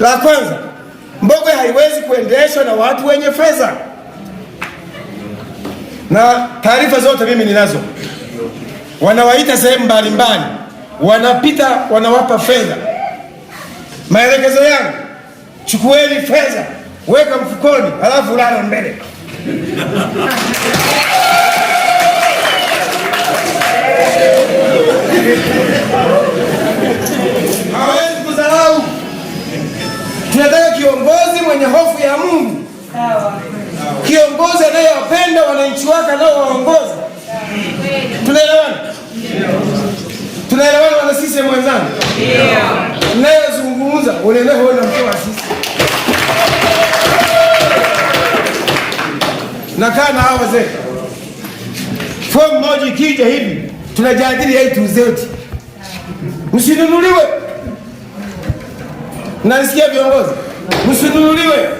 La kwanza, Mbogwe haiwezi kuendeshwa na watu wenye fedha, na taarifa zote mimi ninazo. Wanawaita sehemu mbalimbali, wanapita, wanawapa fedha. Maelekezo yangu, chukueni fedha, weka mfukoni, halafu lala mbele ya Mungu, kiongozi anayewapenda wananchi wake anaowaongoza. Tunaelewana? Tunaelewana wana CCM wenzangu? Nayezungumza unenehoona mkoa wa CCM nakaa na hao wazee fomu moja ikija hivi tunajadili hai tuzeti msinunuliwe. Nasikia viongozi msinunuliwe.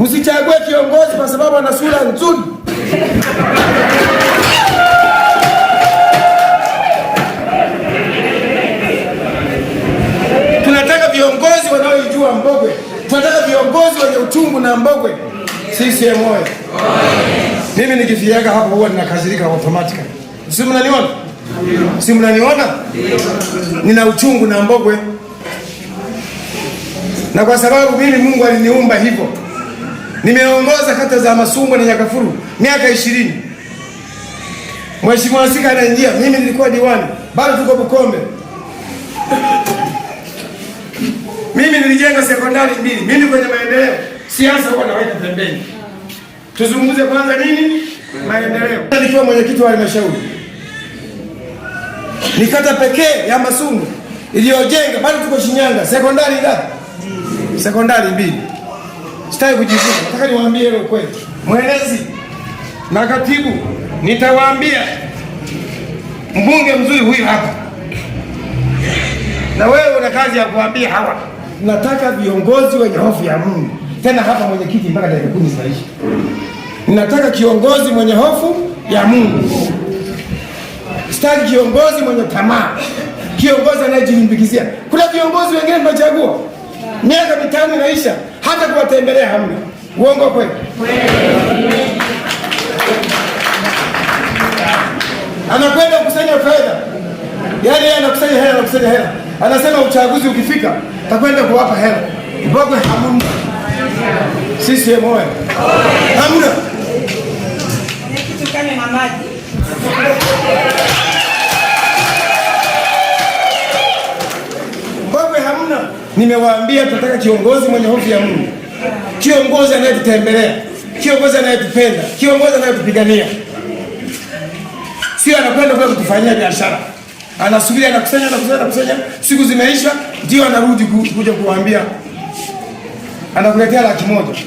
Msichague kiongozi kwa sababu ana sura nzuri. Tunataka viongozi wanaoijua Mbogwe, tunataka viongozi wenye uchungu na Mbogwe. Sisi moyo mimi nikifiaga hapo huwa ninakazirika automatically. Si mnaniona? Si mnaniona? Nina uchungu na Mbogwe, na kwa sababu mimi Mungu aliniumba hivyo Nimeongoza kata za Masumbwe na Nyakafuru miaka ishirini. Mheshimiwa Sika anaingia, mimi nilikuwa diwani, bado tuko Bukombe. Mimi nilijenga sekondari mbili. Mimi kwenye maendeleo, siasa huwa naweka pembeni. Tuzungumze kwanza nini maendeleo. Nikiwa mwenyekiti wa halmashauri, ni kata pekee ya Masumbwe iliyojenga, bado tuko Shinyanga, sekondari ngapi? Sekondari mbili sitaki kujizuia. Nataka niwaambie hilo kweli, mwelezi na katibu, nitawaambia mbunge mzuri huyu hapa, na wewe una kazi ya kuambia hawa. Nataka viongozi wenye hofu ya Mungu, tena hapa mwenyekiti, mpaka dakika kumi saishi, nataka kiongozi mwenye hofu ya Mungu. Sitaki kiongozi mwenye tamaa, kiongozi anayejilimbikizia. Kuna viongozi wengine tunachagua miaka mitano inaisha, hata kuwatembelea hamna. Uongo kweli? Anakwenda kukusanya fedha, yaani yeye anakusanya hela, anakusanya hela, anasema uchaguzi ukifika takwenda kuwapa hela. Mbona hamna? Sisi hamna Nimewaambia tunataka kiongozi mwenye hofu ya Mungu, kiongozi anayetutembelea, kiongozi anayetupenda, kiongozi anayetupigania, sio anakwenda kwa kutufanyia biashara, anasubiri, anakusanya, anakusanya, anakusanya, siku zimeisha, ndio anarudi kuja kuwaambia, anakuletea laki moja.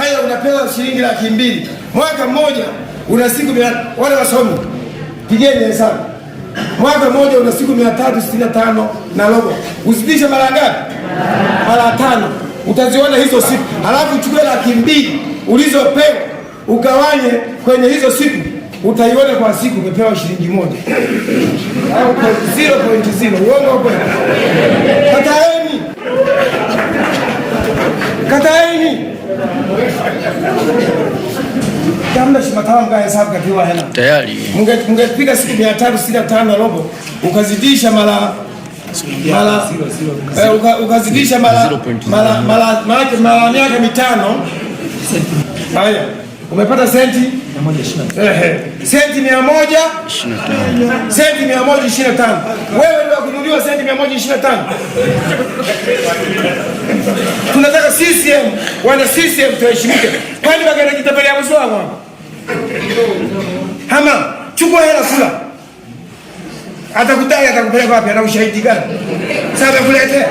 Haya, unapewa shilingi laki mbili, mwaka mmoja una siku mia. Wale wasomi pigeni hesabu, mwaka mmoja una siku mia tatu sitini na tano na robo usitishe mara ngapi? Mara tano. Utaziona hizo siku, halafu chukue laki mbili ulizopewa ugawanye kwenye hizo siku, utaiona kwa siku umepewa shilingi moja au zero point zero. Uongo kweli? Kataeni, kataeni tayari. Mngepiga siku mia tatu sitini na tano robo ukazidisha mara Eh, ukazidisha mara miaka mitano, haya umepata senti senti mia moja senti mia moja ishirini na tano Wewe ndio wakunuliwa senti mia moja ishirini na tano Tunataka CCM wana CCM tuheshimike, kwani wagenakitapelea mswaa hama chukua hela kula atakudai, atakupeleka wapi? Ana ushahidi gani? Sasa kulete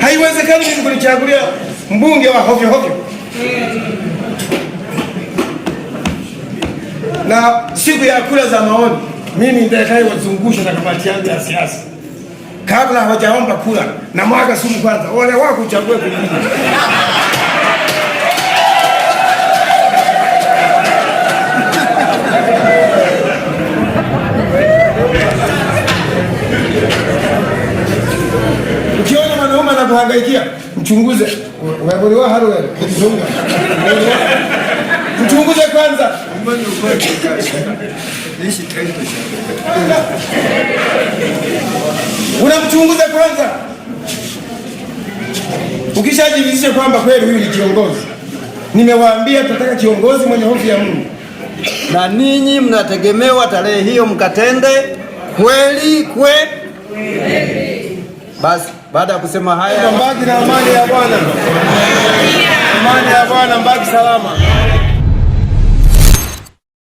haiwezekani mimi kunichagulia mbunge wa hovyo hovyo, na siku ya kura za maoni mimi nitakaye wazungusha na kamati yangu ya siasa kabla hawajaomba kura na mwaka sumu kwanza, wale wako uchague kwingine Ukiona mwanaume anakuhangaikia mchunguze, mchunguze kwanza. Unamchunguza kwanza, kwamba kweli huyu ni kiongozi. Nimewaambia tunataka kiongozi mwenye hofu ya Mungu na ninyi mnategemewa tarehe hiyo mkatende kweli kwe. Basi baada ya kusema haya, mbaki na amani ya Bwana, amani ya Bwana, mbaki salama.